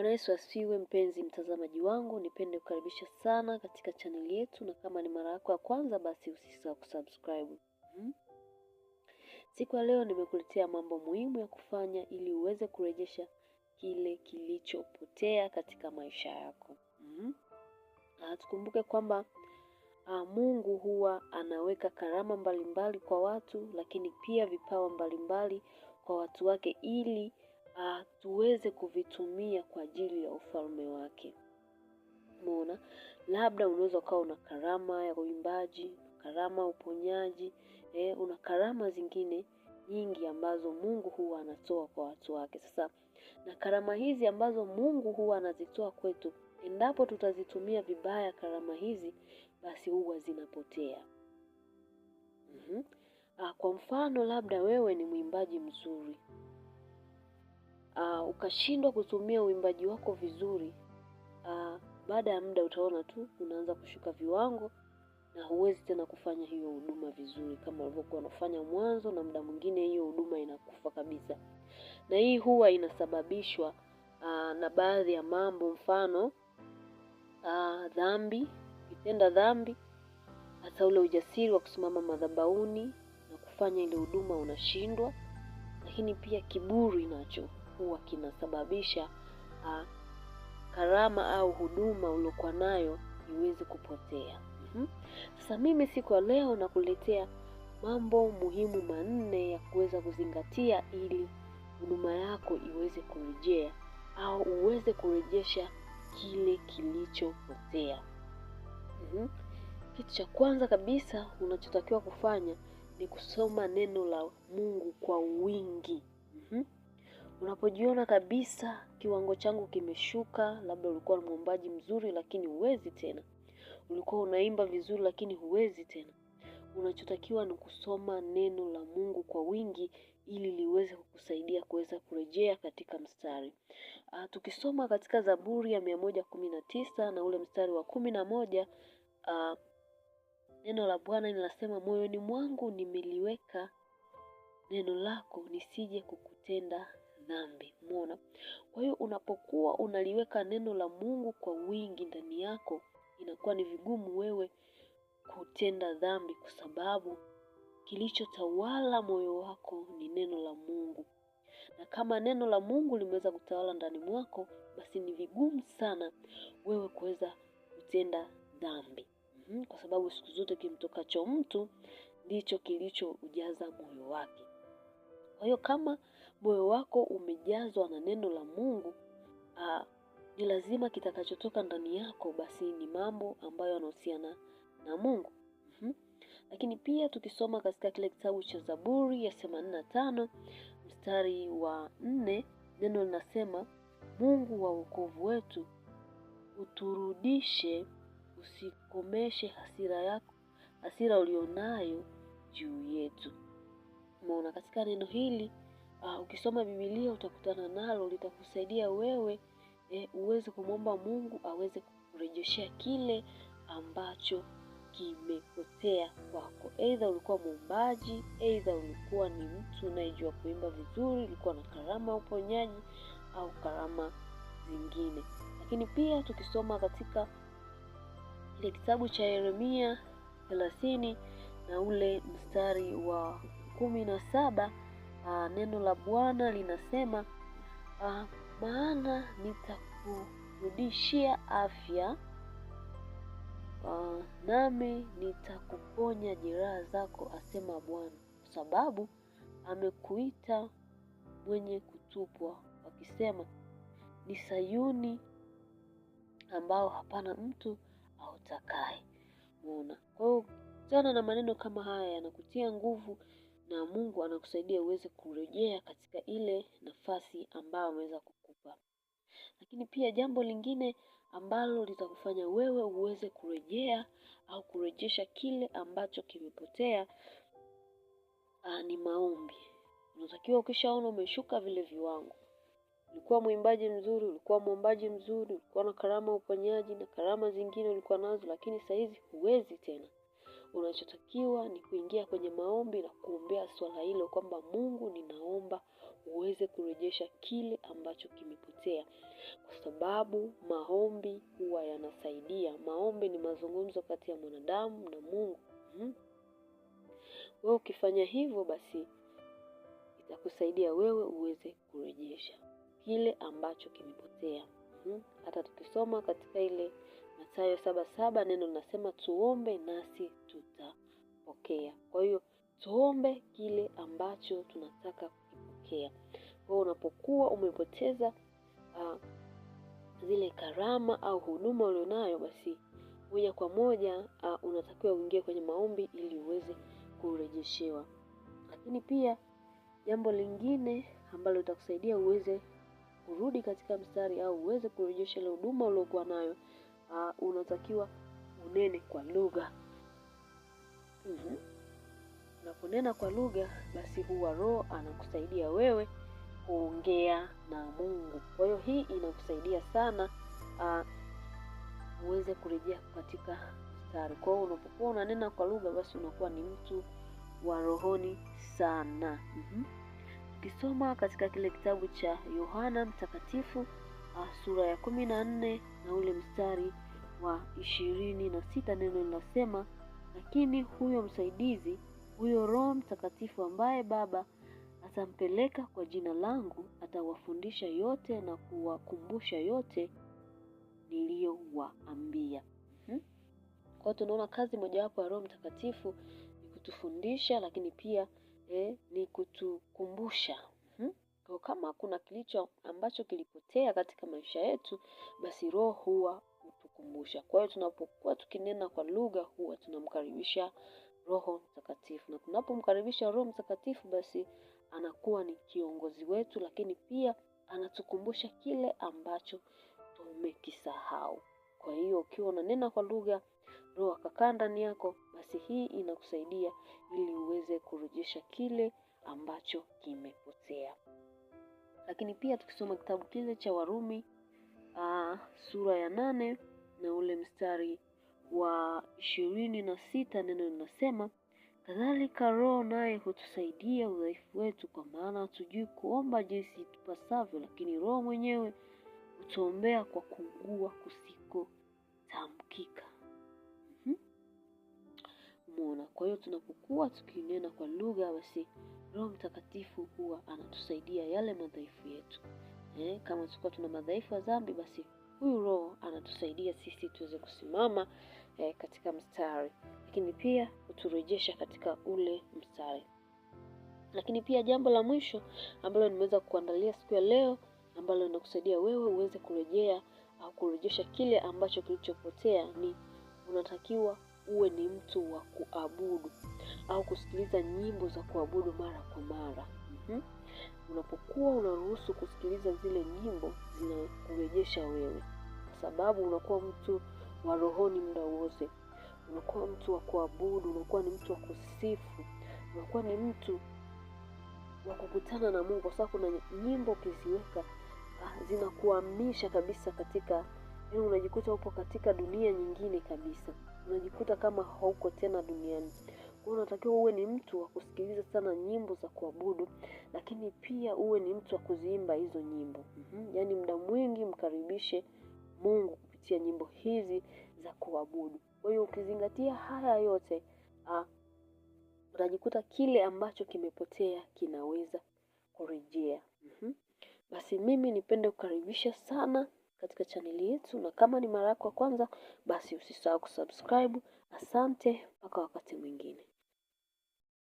Bwana Yesu asiwe, mpenzi mtazamaji wangu, nipende kukaribisha sana katika chaneli yetu, na kama ni mara yako ya kwanza, basi usisahau kusubscribe. Hmm? Siku ya leo nimekuletea mambo muhimu ya kufanya ili uweze kurejesha kile kilichopotea katika maisha yako. Hmm? Na ah, tukumbuke kwamba ah, Mungu huwa anaweka karama mbalimbali mbali kwa watu, lakini pia vipawa mbalimbali mbali kwa watu wake ili uh, tuweze kuvitumia kwa ajili ya ufalme wake. Umeona, labda unaweza ukawa una karama ya uimbaji, karama uponyaji, eh, una karama zingine nyingi ambazo Mungu huwa anatoa kwa watu wake. Sasa na karama hizi ambazo Mungu huwa anazitoa kwetu, endapo tutazitumia vibaya karama hizi, basi huwa zinapotea. mm -hmm. Kwa mfano, labda wewe ni mwimbaji mzuri uh, ukashindwa kutumia uimbaji wako vizuri uh, baada ya muda utaona tu unaanza kushuka viwango na huwezi tena kufanya hiyo huduma vizuri kama ulivyokuwa unafanya mwanzo, na muda mwingine hiyo huduma inakufa kabisa. Na hii huwa inasababishwa aa, ah, na baadhi ya mambo, mfano aa, dhambi, kitenda dhambi, hata ule ujasiri wa kusimama madhabahuni na kufanya ile huduma unashindwa, lakini pia kiburi nacho huwa kinasababisha ah, karama au huduma uliokuwa nayo iweze kupotea. Mm-hmm. Sasa mimi siku ya leo nakuletea mambo muhimu manne ya kuweza kuzingatia ili huduma yako iweze kurejea au uweze kurejesha kile kilichopotea. Mm-hmm. Kitu cha kwanza kabisa unachotakiwa kufanya ni kusoma neno la Mungu kwa wingi. Unapojiona kabisa kiwango changu kimeshuka, labda ulikuwa mwombaji mzuri lakini huwezi tena, ulikuwa unaimba vizuri lakini huwezi tena, unachotakiwa ni kusoma neno la Mungu kwa wingi ili liweze kukusaidia kuweza kurejea katika mstari. A, ah, tukisoma katika Zaburi ya mia moja kumi na tisa na ule mstari wa kumi na moja a, ah, neno la Bwana linasema moyoni mwangu nimeliweka neno lako nisije kukutenda dhambi. Umeona? Kwa hiyo unapokuwa unaliweka neno la Mungu kwa wingi ndani yako, inakuwa ni vigumu wewe kutenda dhambi, kwa sababu kilichotawala moyo wako ni neno la Mungu, na kama neno la Mungu limeweza kutawala ndani mwako, basi ni vigumu sana wewe kuweza kutenda dhambi hmm kwa sababu siku zote kimtokacho mtu ndicho kilichoujaza moyo wake. Kwa hiyo kama moyo wako umejazwa na neno la Mungu, aa, ah, ni lazima kitakachotoka ndani yako basi ni mambo ambayo yanahusiana na Mungu. Mm-hmm. Lakini pia tukisoma katika kile kitabu cha Zaburi ya 85 na tano mstari wa nne neno linasema, Mungu wa wokovu wetu uturudishe, usikomeshe hasira yako, hasira ulionayo juu yetu. Umeona, katika neno hili uh, ukisoma Biblia utakutana nalo, litakusaidia wewe eh, uweze kumwomba Mungu aweze kurejeshea kile ambacho kimepotea kwako. Aidha ulikuwa mwombaji, aidha ulikuwa ni mtu unayejua kuimba vizuri, ulikuwa na karama ya uponyaji au karama zingine. Lakini pia tukisoma katika kile kitabu cha Yeremia thelathini na ule mstari wa kumi na saba Aa, ah, neno la Bwana linasema aa, ah, maana nitakurudishia afya aa, ah, nami nitakuponya jeraha zako, asema Bwana, kwa sababu amekuita mwenye kutupwa, wakisema ni Sayuni ambao hapana mtu autakaye. Unaona, kwa hiyo kutana na maneno kama haya yanakutia nguvu na Mungu anakusaidia uweze kurejea katika ile nafasi ambayo ameweza kukupa. Lakini pia jambo lingine ambalo litakufanya wewe uweze kurejea au kurejesha kile ambacho kimepotea ah, ni maombi. Unatakiwa ukishaona umeshuka vile viwango, ulikuwa mwimbaji mzuri, ulikuwa mwombaji mzuri, ulikuwa na karama uponyaji na karama zingine ulikuwa nazo, lakini saa hizi huwezi tena Unachotakiwa ni kuingia kwenye maombi na kuombea swala hilo, kwamba Mungu, ninaomba uweze kurejesha kile ambacho kimepotea, kwa sababu maombi huwa yanasaidia. Maombi ni mazungumzo kati ya mwanadamu na Mungu. Hmm. Wewe ukifanya hivyo, basi itakusaidia wewe uweze kurejesha kile ambacho kimepotea. Hmm. Hata tukisoma katika ile Mathayo saba saba neno linasema tuombe nasi tutapokea. Kwa hiyo tuombe kile ambacho tunataka kukipokea. Kwa hiyo unapokuwa umepoteza uh, zile karama au huduma ulionayo, basi moja kwa moja uh, unatakiwa uingie kwenye maombi ili uweze kurejeshewa. Lakini pia jambo lingine ambalo litakusaidia uweze kurudi katika mstari au uweze kurejesha ile huduma uliokuwa nayo, uh, unatakiwa unene kwa lugha mm -hmm. Unaponena kwa lugha, basi huwa Roho anakusaidia wewe kuongea na Mungu. Kwa hiyo hii inakusaidia sana uh, uweze kurejea katika mstari. Kwa hiyo unapokuwa unanena kwa lugha, basi unakuwa ni mtu wa rohoni sana. Mm-hmm. Ukisoma mm -hmm. katika kile kitabu cha Yohana Mtakatifu uh, sura ya kumi na nne na ule mstari wa ishirini na sita neno linasema lakini huyo msaidizi, huyo Roho Mtakatifu ambaye Baba atampeleka kwa jina langu, atawafundisha yote na kuwakumbusha yote niliyowaambia. Hmm? Kwa hiyo tunaona kazi mojawapo ya Roho Mtakatifu ni kutufundisha, lakini pia eh, ni kutukumbusha. Hmm? Kwa kama kuna kilicho ambacho kilipotea katika maisha yetu, basi Roho huwa kutukumbusha. Kwa hiyo tunapokuwa tukinena kwa lugha, huwa tunamkaribisha Roho Mtakatifu, na tunapomkaribisha Roho Mtakatifu, basi anakuwa ni kiongozi wetu, lakini pia anatukumbusha kile ambacho tumekisahau. Kwa hiyo ukiwa unanena kwa lugha, Roho akakaa ndani yako, basi hii inakusaidia ili uweze kurejesha kile ambacho kimepotea. Lakini pia tukisoma kitabu kile cha Warumi aa, ah, sura ya nane na ule mstari wa ishirini na sita neno linasema kadhalika Roho naye hutusaidia udhaifu wetu, kwa maana hatujui kuomba jinsi tupasavyo, lakini Roho mwenyewe hutuombea kwa kuugua kusikotamkika. mona mhm. -hmm. Kwa hiyo tunapokuwa tukinena kwa lugha, basi Roho Mtakatifu huwa anatusaidia yale madhaifu yetu. Eh, kama tulikuwa tuna madhaifu ya dhambi, basi Huyu Roho anatusaidia sisi tuweze kusimama e, katika mstari, lakini pia huturejesha katika ule mstari. Lakini pia jambo la mwisho ambalo nimeweza kuandalia siku ya leo ambalo linakusaidia wewe uweze kurejea au kurejesha kile ambacho kilichopotea ni unatakiwa uwe ni mtu wa kuabudu au kusikiliza nyimbo za kuabudu mara kwa mara. mm -hmm unapokuwa unaruhusu kusikiliza zile nyimbo zinakurejesha wewe, kwa sababu unakuwa mtu wa rohoni muda wote, unakuwa mtu wa kuabudu, unakuwa ni mtu wa kusifu, unakuwa ni mtu wa kukutana na Mungu, kwa sababu kuna nyimbo ukiziweka ah, zinakuhamisha kabisa katika yaani, unajikuta upo katika dunia nyingine kabisa, unajikuta kama hauko tena duniani. Kwa hiyo unatakiwa uwe ni mtu wa kusikiliza sana nyimbo za kuabudu, lakini pia uwe ni mtu wa kuziimba hizo nyimbo. Mm-hmm. Yaani muda mwingi mkaribishe Mungu kupitia nyimbo hizi za kuabudu. Kwa hiyo ukizingatia haya yote uh, utajikuta kile ambacho kimepotea kinaweza kurejea. Mm-hmm. Basi mimi nipende kukaribisha sana katika chaneli yetu, na kama ni mara yako ya kwanza, basi usisahau kusubscribe. Asante, mpaka wakati mwingine.